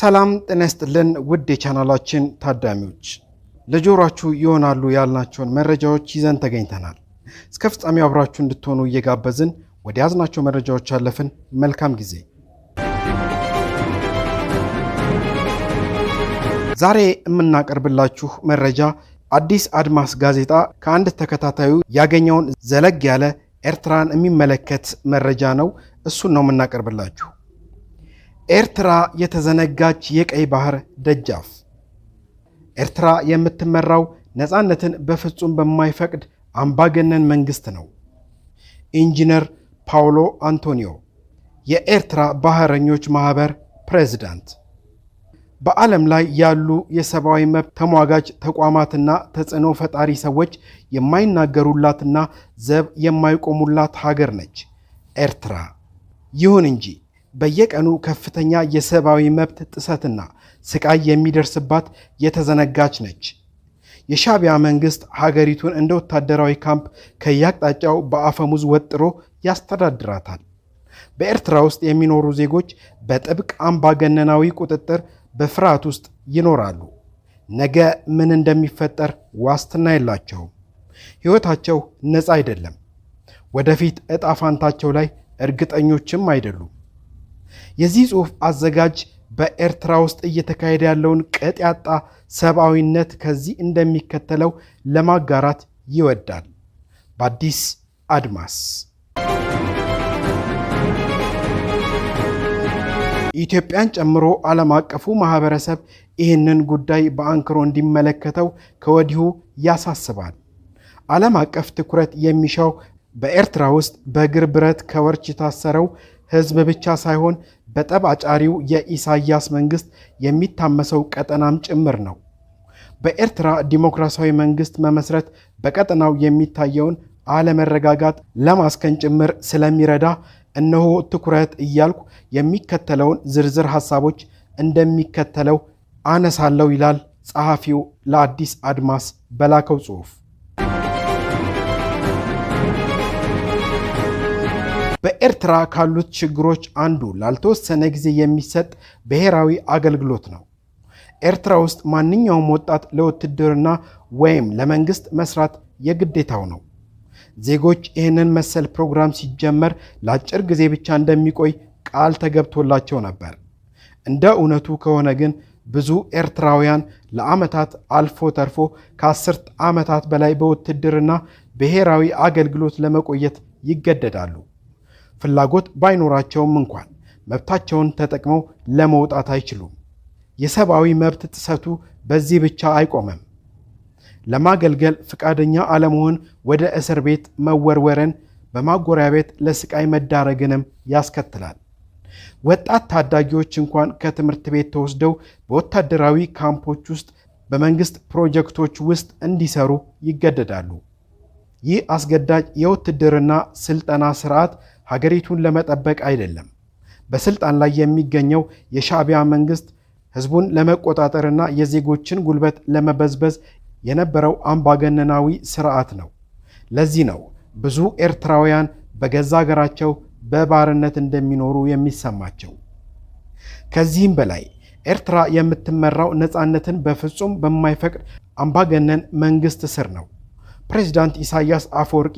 ሰላም ጤና ይስጥልን ውድ የቻናላችን ታዳሚዎች፣ ለጆሯችሁ ይሆናሉ ያልናቸውን መረጃዎች ይዘን ተገኝተናል። እስከ ፍጻሜው አብራችሁ እንድትሆኑ እየጋበዝን ወደ ያዝናቸው መረጃዎች አለፍን። መልካም ጊዜ። ዛሬ የምናቀርብላችሁ መረጃ አዲስ አድማስ ጋዜጣ ከአንድ ተከታታዩ ያገኘውን ዘለግ ያለ ኤርትራን የሚመለከት መረጃ ነው። እሱን ነው የምናቀርብላችሁ። ኤርትራ የተዘነጋች የቀይ ባህር ደጃፍ። ኤርትራ የምትመራው ነፃነትን በፍጹም በማይፈቅድ አምባገነን መንግስት ነው። ኢንጂነር ፓውሎ አንቶኒዮ የኤርትራ ባህረኞች ማኅበር ፕሬዝዳንት። በዓለም ላይ ያሉ የሰብአዊ መብት ተሟጋጅ ተቋማትና ተጽዕኖ ፈጣሪ ሰዎች የማይናገሩላትና ዘብ የማይቆሙላት ሀገር ነች ኤርትራ። ይሁን እንጂ በየቀኑ ከፍተኛ የሰብአዊ መብት ጥሰትና ስቃይ የሚደርስባት የተዘነጋች ነች። የሻቢያ መንግስት ሀገሪቱን እንደ ወታደራዊ ካምፕ ከየአቅጣጫው በአፈሙዝ ወጥሮ ያስተዳድራታል። በኤርትራ ውስጥ የሚኖሩ ዜጎች በጥብቅ አምባገነናዊ ቁጥጥር በፍርሃት ውስጥ ይኖራሉ። ነገ ምን እንደሚፈጠር ዋስትና የላቸውም። ሕይወታቸው ነፃ አይደለም። ወደፊት ዕጣ ፋንታቸው ላይ እርግጠኞችም አይደሉም። የዚህ ጽሑፍ አዘጋጅ በኤርትራ ውስጥ እየተካሄደ ያለውን ቅጥ ያጣ ሰብአዊነት ከዚህ እንደሚከተለው ለማጋራት ይወዳል። በአዲስ አድማስ ኢትዮጵያን ጨምሮ ዓለም አቀፉ ማህበረሰብ ይህንን ጉዳይ በአንክሮ እንዲመለከተው ከወዲሁ ያሳስባል። ዓለም አቀፍ ትኩረት የሚሻው በኤርትራ ውስጥ በእግር ብረት ከወርች የታሰረው ህዝብ ብቻ ሳይሆን በጠብ አጫሪው የኢሳያስ መንግስት የሚታመሰው ቀጠናም ጭምር ነው። በኤርትራ ዲሞክራሲያዊ መንግስት መመስረት በቀጠናው የሚታየውን አለመረጋጋት ለማስከን ጭምር ስለሚረዳ እነሆ ትኩረት እያልኩ የሚከተለውን ዝርዝር ሀሳቦች እንደሚከተለው አነሳለሁ ይላል ጸሐፊው ለአዲስ አድማስ በላከው ጽሑፍ። በኤርትራ ካሉት ችግሮች አንዱ ላልተወሰነ ጊዜ የሚሰጥ ብሔራዊ አገልግሎት ነው። ኤርትራ ውስጥ ማንኛውም ወጣት ለውትድርና ወይም ለመንግስት መስራት የግዴታው ነው። ዜጎች ይህንን መሰል ፕሮግራም ሲጀመር ለአጭር ጊዜ ብቻ እንደሚቆይ ቃል ተገብቶላቸው ነበር። እንደ እውነቱ ከሆነ ግን ብዙ ኤርትራውያን ለዓመታት አልፎ ተርፎ ከአስርት ዓመታት በላይ በውትድርና ብሔራዊ አገልግሎት ለመቆየት ይገደዳሉ። ፍላጎት ባይኖራቸውም እንኳን መብታቸውን ተጠቅመው ለመውጣት አይችሉም። የሰብአዊ መብት ጥሰቱ በዚህ ብቻ አይቆመም። ለማገልገል ፍቃደኛ አለመሆን ወደ እስር ቤት መወርወርን፣ በማጎሪያ ቤት ለስቃይ መዳረግንም ያስከትላል። ወጣት ታዳጊዎች እንኳን ከትምህርት ቤት ተወስደው በወታደራዊ ካምፖች ውስጥ በመንግስት ፕሮጀክቶች ውስጥ እንዲሰሩ ይገደዳሉ። ይህ አስገዳጅ የውትድርና ስልጠና ስርዓት ሀገሪቱን ለመጠበቅ አይደለም። በስልጣን ላይ የሚገኘው የሻዕቢያ መንግስት ህዝቡን ለመቆጣጠርና የዜጎችን ጉልበት ለመበዝበዝ የነበረው አምባገነናዊ ስርዓት ነው። ለዚህ ነው ብዙ ኤርትራውያን በገዛ ሀገራቸው በባርነት እንደሚኖሩ የሚሰማቸው። ከዚህም በላይ ኤርትራ የምትመራው ነፃነትን በፍጹም በማይፈቅድ አምባገነን መንግስት ስር ነው። ፕሬዚዳንት ኢሳያስ አፈወርቂ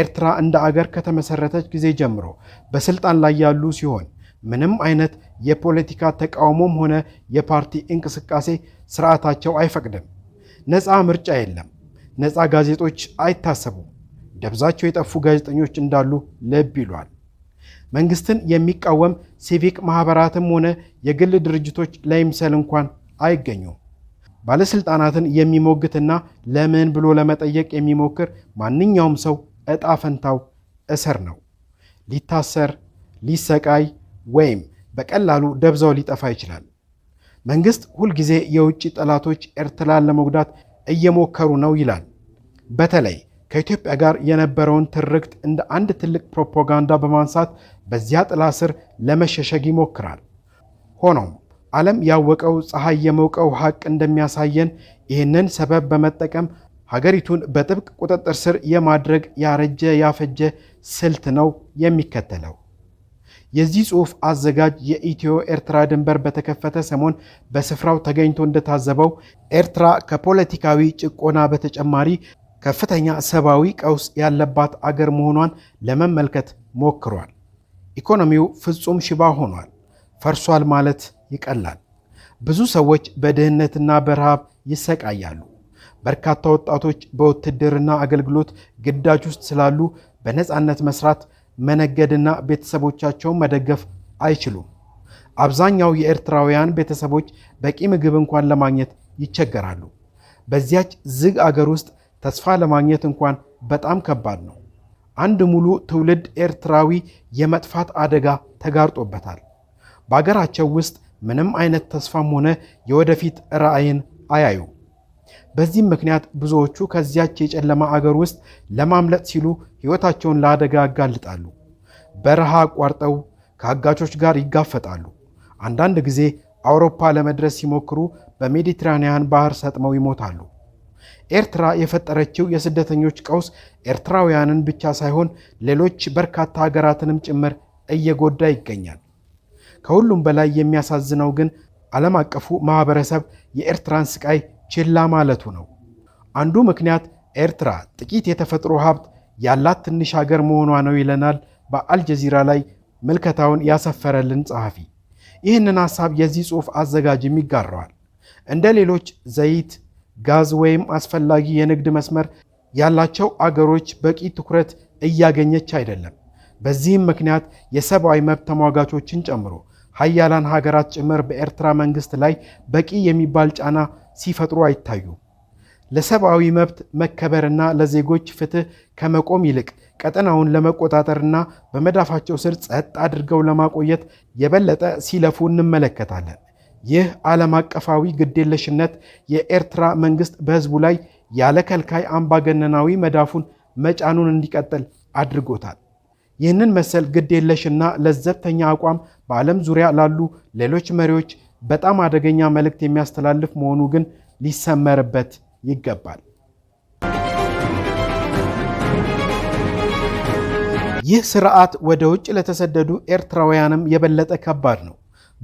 ኤርትራ እንደ አገር ከተመሰረተች ጊዜ ጀምሮ በስልጣን ላይ ያሉ ሲሆን ምንም አይነት የፖለቲካ ተቃውሞም ሆነ የፓርቲ እንቅስቃሴ ስርዓታቸው አይፈቅድም። ነፃ ምርጫ የለም። ነፃ ጋዜጦች አይታሰቡም። ደብዛቸው የጠፉ ጋዜጠኞች እንዳሉ ልብ ይሏል። መንግስትን የሚቃወም ሲቪክ ማኅበራትም ሆነ የግል ድርጅቶች ለይምሰል እንኳን አይገኙም። ባለስልጣናትን የሚሞግትና ለምን ብሎ ለመጠየቅ የሚሞክር ማንኛውም ሰው እጣ ፈንታው እስር ነው። ሊታሰር፣ ሊሰቃይ ወይም በቀላሉ ደብዛው ሊጠፋ ይችላል። መንግስት ሁልጊዜ የውጭ ጠላቶች ኤርትራን ለመጉዳት እየሞከሩ ነው ይላል። በተለይ ከኢትዮጵያ ጋር የነበረውን ትርክት እንደ አንድ ትልቅ ፕሮፓጋንዳ በማንሳት በዚያ ጥላ ስር ለመሸሸግ ይሞክራል። ሆኖም ዓለም ያወቀው ፀሐይ የሞቀው ሀቅ እንደሚያሳየን ይህንን ሰበብ በመጠቀም ሀገሪቱን በጥብቅ ቁጥጥር ስር የማድረግ ያረጀ ያፈጀ ስልት ነው የሚከተለው። የዚህ ጽሑፍ አዘጋጅ የኢትዮ ኤርትራ ድንበር በተከፈተ ሰሞን በስፍራው ተገኝቶ እንደታዘበው ኤርትራ ከፖለቲካዊ ጭቆና በተጨማሪ ከፍተኛ ሰብአዊ ቀውስ ያለባት አገር መሆኗን ለመመልከት ሞክሯል። ኢኮኖሚው ፍጹም ሽባ ሆኗል፣ ፈርሷል ማለት ይቀላል። ብዙ ሰዎች በድህነትና በረሃብ ይሰቃያሉ። በርካታ ወጣቶች በውትድርና አገልግሎት ግዳጅ ውስጥ ስላሉ በነፃነት መስራት፣ መነገድና ቤተሰቦቻቸውን መደገፍ አይችሉም። አብዛኛው የኤርትራውያን ቤተሰቦች በቂ ምግብ እንኳን ለማግኘት ይቸገራሉ። በዚያች ዝግ አገር ውስጥ ተስፋ ለማግኘት እንኳን በጣም ከባድ ነው። አንድ ሙሉ ትውልድ ኤርትራዊ የመጥፋት አደጋ ተጋርጦበታል። በአገራቸው ውስጥ ምንም አይነት ተስፋም ሆነ የወደፊት ራዕይን አያዩ። በዚህም ምክንያት ብዙዎቹ ከዚያች የጨለማ አገር ውስጥ ለማምለጥ ሲሉ ሕይወታቸውን ለአደጋ ያጋልጣሉ። በረሃ አቋርጠው ከአጋቾች ጋር ይጋፈጣሉ። አንዳንድ ጊዜ አውሮፓ ለመድረስ ሲሞክሩ በሜዲትራንያን ባህር ሰጥመው ይሞታሉ። ኤርትራ የፈጠረችው የስደተኞች ቀውስ ኤርትራውያንን ብቻ ሳይሆን ሌሎች በርካታ ሀገራትንም ጭምር እየጎዳ ይገኛል። ከሁሉም በላይ የሚያሳዝነው ግን ዓለም አቀፉ ማኅበረሰብ የኤርትራን ስቃይ ችላ ማለቱ ነው። አንዱ ምክንያት ኤርትራ ጥቂት የተፈጥሮ ሀብት ያላት ትንሽ ሀገር መሆኗ ነው ይለናል በአልጀዚራ ላይ ምልከታውን ያሰፈረልን ጸሐፊ። ይህንን ሐሳብ የዚህ ጽሑፍ አዘጋጅም ይጋራዋል። እንደ ሌሎች ዘይት፣ ጋዝ ወይም አስፈላጊ የንግድ መስመር ያላቸው አገሮች በቂ ትኩረት እያገኘች አይደለም። በዚህም ምክንያት የሰብአዊ መብት ተሟጋቾችን ጨምሮ ሀያላን ሀገራት ጭምር በኤርትራ መንግስት ላይ በቂ የሚባል ጫና ሲፈጥሩ አይታዩ። ለሰብአዊ መብት መከበርና ለዜጎች ፍትህ ከመቆም ይልቅ ቀጠናውን ለመቆጣጠርና በመዳፋቸው ስር ጸጥ አድርገው ለማቆየት የበለጠ ሲለፉ እንመለከታለን። ይህ ዓለም አቀፋዊ ግዴለሽነት የኤርትራ መንግስት በህዝቡ ላይ ያለ ከልካይ አምባገነናዊ መዳፉን መጫኑን እንዲቀጥል አድርጎታል። ይህንን መሰል ግድ የለሽና ለዘብተኛ አቋም በዓለም ዙሪያ ላሉ ሌሎች መሪዎች በጣም አደገኛ መልእክት የሚያስተላልፍ መሆኑ ግን ሊሰመርበት ይገባል። ይህ ስርዓት ወደ ውጭ ለተሰደዱ ኤርትራውያንም የበለጠ ከባድ ነው።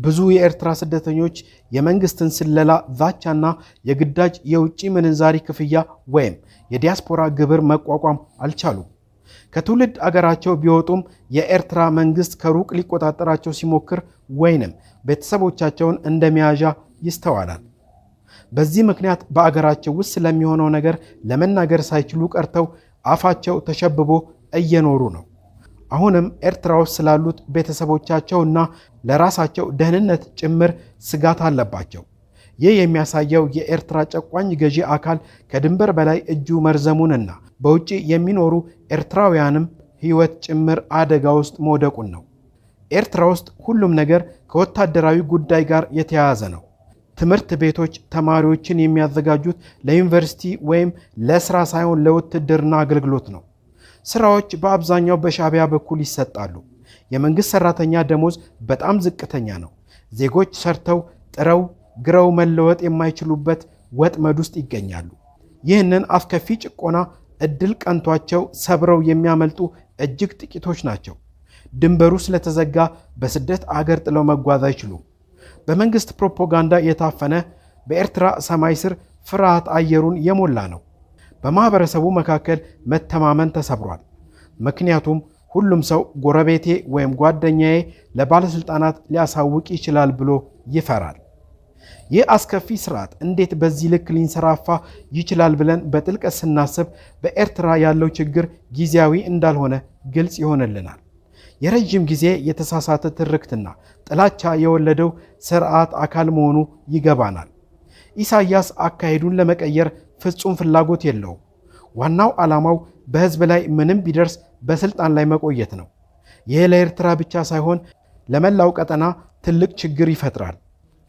ብዙ የኤርትራ ስደተኞች የመንግስትን ስለላ፣ ዛቻና የግዳጅ የውጭ ምንዛሪ ክፍያ ወይም የዲያስፖራ ግብር መቋቋም አልቻሉም። ከትውልድ አገራቸው ቢወጡም የኤርትራ መንግስት ከሩቅ ሊቆጣጠራቸው ሲሞክር ወይንም ቤተሰቦቻቸውን እንደሚያዣ ይስተዋላል። በዚህ ምክንያት በአገራቸው ውስጥ ስለሚሆነው ነገር ለመናገር ሳይችሉ ቀርተው አፋቸው ተሸብቦ እየኖሩ ነው። አሁንም ኤርትራ ውስጥ ስላሉት ቤተሰቦቻቸውና ለራሳቸው ደህንነት ጭምር ስጋት አለባቸው። ይህ የሚያሳየው የኤርትራ ጨቋኝ ገዢ አካል ከድንበር በላይ እጁ መርዘሙንና በውጭ የሚኖሩ ኤርትራውያንም ሕይወት ጭምር አደጋ ውስጥ መውደቁን ነው። ኤርትራ ውስጥ ሁሉም ነገር ከወታደራዊ ጉዳይ ጋር የተያያዘ ነው። ትምህርት ቤቶች ተማሪዎችን የሚያዘጋጁት ለዩኒቨርሲቲ ወይም ለስራ ሳይሆን ለውትድርና አገልግሎት ነው። ስራዎች በአብዛኛው በሻቢያ በኩል ይሰጣሉ። የመንግሥት ሠራተኛ ደሞዝ በጣም ዝቅተኛ ነው። ዜጎች ሰርተው ጥረው ግረው መለወጥ የማይችሉበት ወጥመድ ውስጥ ይገኛሉ። ይህንን አስከፊ ጭቆና እድል ቀንቷቸው ሰብረው የሚያመልጡ እጅግ ጥቂቶች ናቸው። ድንበሩ ስለተዘጋ በስደት አገር ጥለው መጓዝ አይችሉም። በመንግሥት ፕሮፓጋንዳ የታፈነ በኤርትራ ሰማይ ስር ፍርሃት አየሩን የሞላ ነው። በማኅበረሰቡ መካከል መተማመን ተሰብሯል። ምክንያቱም ሁሉም ሰው ጎረቤቴ ወይም ጓደኛዬ ለባለሥልጣናት ሊያሳውቅ ይችላል ብሎ ይፈራል። ይህ አስከፊ ስርዓት እንዴት በዚህ ልክ ሊንሰራፋ ይችላል ብለን በጥልቀት ስናስብ በኤርትራ ያለው ችግር ጊዜያዊ እንዳልሆነ ግልጽ ይሆንልናል። የረዥም ጊዜ የተሳሳተ ትርክትና ጥላቻ የወለደው ስርዓት አካል መሆኑ ይገባናል። ኢሳያስ አካሄዱን ለመቀየር ፍጹም ፍላጎት የለውም። ዋናው ዓላማው በሕዝብ ላይ ምንም ቢደርስ በስልጣን ላይ መቆየት ነው። ይህ ለኤርትራ ብቻ ሳይሆን ለመላው ቀጠና ትልቅ ችግር ይፈጥራል።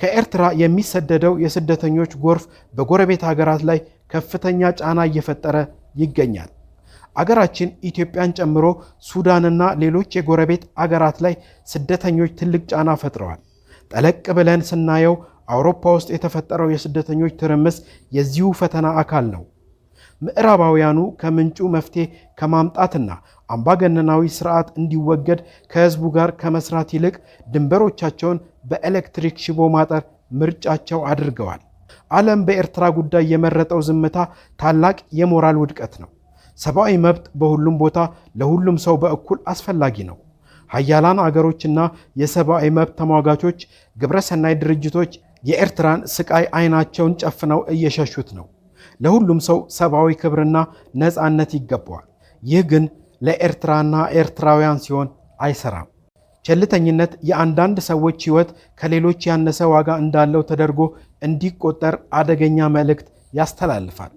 ከኤርትራ የሚሰደደው የስደተኞች ጎርፍ በጎረቤት ሀገራት ላይ ከፍተኛ ጫና እየፈጠረ ይገኛል። አገራችን ኢትዮጵያን ጨምሮ ሱዳንና ሌሎች የጎረቤት አገራት ላይ ስደተኞች ትልቅ ጫና ፈጥረዋል። ጠለቅ ብለን ስናየው አውሮፓ ውስጥ የተፈጠረው የስደተኞች ትርምስ የዚሁ ፈተና አካል ነው። ምዕራባውያኑ ከምንጩ መፍትሄ ከማምጣትና አምባገነናዊ ስርዓት እንዲወገድ ከህዝቡ ጋር ከመስራት ይልቅ ድንበሮቻቸውን በኤሌክትሪክ ሽቦ ማጠር ምርጫቸው አድርገዋል። ዓለም በኤርትራ ጉዳይ የመረጠው ዝምታ ታላቅ የሞራል ውድቀት ነው። ሰብአዊ መብት በሁሉም ቦታ ለሁሉም ሰው በእኩል አስፈላጊ ነው። ሀያላን አገሮችና የሰብአዊ መብት ተሟጋቾች፣ ግብረሰናይ ድርጅቶች የኤርትራን ስቃይ አይናቸውን ጨፍነው እየሸሹት ነው። ለሁሉም ሰው ሰብአዊ ክብርና ነፃነት ይገባዋል። ይህ ግን ለኤርትራና ኤርትራውያን ሲሆን አይሰራም። ቸልተኝነት የአንዳንድ ሰዎች ሕይወት ከሌሎች ያነሰ ዋጋ እንዳለው ተደርጎ እንዲቆጠር አደገኛ መልእክት ያስተላልፋል።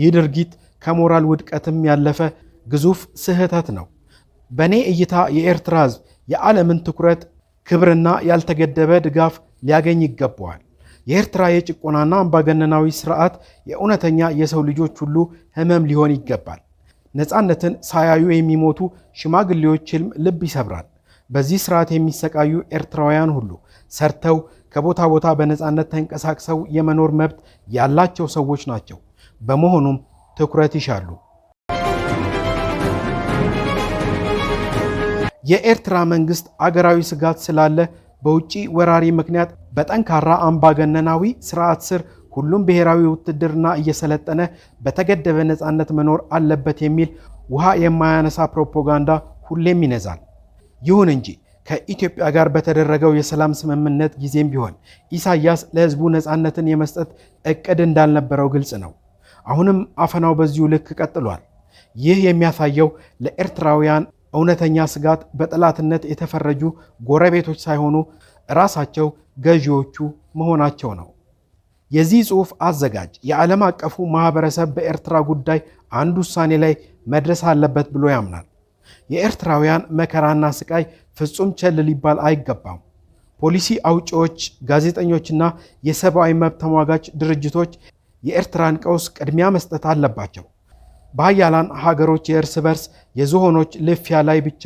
ይህ ድርጊት ከሞራል ውድቀትም ያለፈ ግዙፍ ስህተት ነው። በእኔ እይታ የኤርትራ ሕዝብ የዓለምን ትኩረት፣ ክብርና ያልተገደበ ድጋፍ ሊያገኝ ይገባዋል። የኤርትራ የጭቆናና አምባገነናዊ ስርዓት የእውነተኛ የሰው ልጆች ሁሉ ሕመም ሊሆን ይገባል። ነፃነትን ሳያዩ የሚሞቱ ሽማግሌዎች ህልም ልብ ይሰብራል። በዚህ ስርዓት የሚሰቃዩ ኤርትራውያን ሁሉ ሰርተው ከቦታ ቦታ በነፃነት ተንቀሳቅሰው የመኖር መብት ያላቸው ሰዎች ናቸው። በመሆኑም ትኩረት ይሻሉ። የኤርትራ መንግስት አገራዊ ስጋት ስላለ በውጪ ወራሪ ምክንያት በጠንካራ አምባገነናዊ ስርዓት ስር ሁሉም ብሔራዊ ውትድርና እየሰለጠነ በተገደበ ነፃነት መኖር አለበት የሚል ውሃ የማያነሳ ፕሮፓጋንዳ ሁሌም ይነዛል። ይሁን እንጂ ከኢትዮጵያ ጋር በተደረገው የሰላም ስምምነት ጊዜም ቢሆን ኢሳያስ ለሕዝቡ ነፃነትን የመስጠት እቅድ እንዳልነበረው ግልጽ ነው። አሁንም አፈናው በዚሁ ልክ ቀጥሏል። ይህ የሚያሳየው ለኤርትራውያን እውነተኛ ስጋት በጠላትነት የተፈረጁ ጎረቤቶች ሳይሆኑ ራሳቸው ገዢዎቹ መሆናቸው ነው። የዚህ ጽሑፍ አዘጋጅ የዓለም አቀፉ ማኅበረሰብ በኤርትራ ጉዳይ አንድ ውሳኔ ላይ መድረስ አለበት ብሎ ያምናል። የኤርትራውያን መከራና ስቃይ ፍጹም ቸል ሊባል አይገባም። ፖሊሲ አውጪዎች፣ ጋዜጠኞችና የሰብአዊ መብት ተሟጋች ድርጅቶች የኤርትራን ቀውስ ቅድሚያ መስጠት አለባቸው። በሀያላን ሀገሮች የእርስ በርስ የዝሆኖች ልፊያ ላይ ብቻ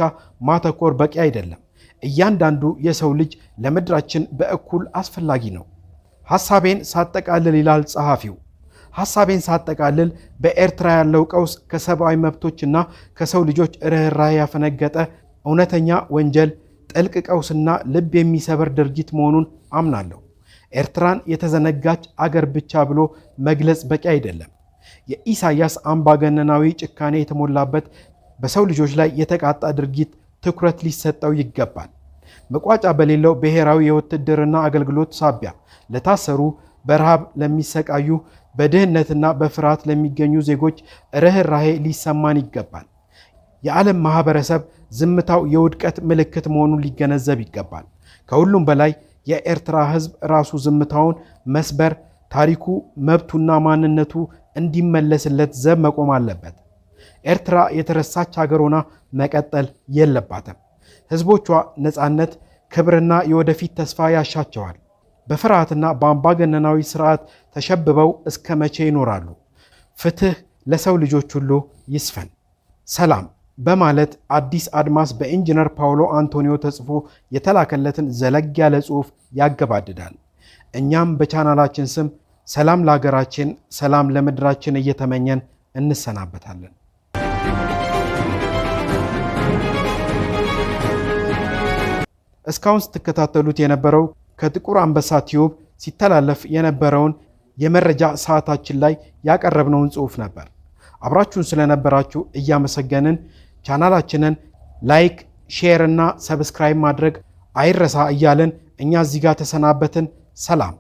ማተኮር በቂ አይደለም። እያንዳንዱ የሰው ልጅ ለምድራችን በእኩል አስፈላጊ ነው። ሐሳቤን ሳጠቃልል ይላል ጸሐፊው ሐሳቤን ሳጠቃልል በኤርትራ ያለው ቀውስ ከሰብአዊ መብቶችና ከሰው ልጆች ርኅራኄ ያፈነገጠ እውነተኛ ወንጀል፣ ጥልቅ ቀውስና ልብ የሚሰብር ድርጊት መሆኑን አምናለሁ። ኤርትራን የተዘነጋች አገር ብቻ ብሎ መግለጽ በቂ አይደለም። የኢሳያስ አምባገነናዊ ጭካኔ የተሞላበት በሰው ልጆች ላይ የተቃጣ ድርጊት ትኩረት ሊሰጠው ይገባል። መቋጫ በሌለው ብሔራዊ የውትድርና አገልግሎት ሳቢያ ለታሰሩ፣ በረሃብ ለሚሰቃዩ፣ በድህነትና በፍርሃት ለሚገኙ ዜጎች ርኅራሄ ሊሰማን ይገባል። የዓለም ማኅበረሰብ ዝምታው የውድቀት ምልክት መሆኑን ሊገነዘብ ይገባል። ከሁሉም በላይ የኤርትራ ሕዝብ ራሱ ዝምታውን መስበር፣ ታሪኩ መብቱና ማንነቱ እንዲመለስለት ዘብ መቆም አለበት። ኤርትራ የተረሳች ሀገር ሆና መቀጠል የለባትም። ሕዝቦቿ ነፃነት፣ ክብርና የወደፊት ተስፋ ያሻቸዋል። በፍርሃትና በአምባገነናዊ ስርዓት ተሸብበው እስከ መቼ ይኖራሉ? ፍትህ ለሰው ልጆች ሁሉ ይስፈን። ሰላም በማለት አዲስ አድማስ በኢንጂነር ፓውሎ አንቶኒዮ ተጽፎ የተላከለትን ዘለግ ያለ ጽሑፍ ያገባድዳል። እኛም በቻናላችን ስም ሰላም ለሀገራችን፣ ሰላም ለምድራችን እየተመኘን እንሰናበታለን። እስካሁን ስትከታተሉት የነበረው ከጥቁር አንበሳ ቲዩብ ሲተላለፍ የነበረውን የመረጃ ሰዓታችን ላይ ያቀረብነውን ጽሑፍ ነበር። አብራችሁን ስለነበራችሁ እያመሰገንን ቻናላችንን ላይክ፣ ሼር እና ሰብስክራይብ ማድረግ አይረሳ እያልን እኛ እዚህ ጋር ተሰናበትን። ሰላም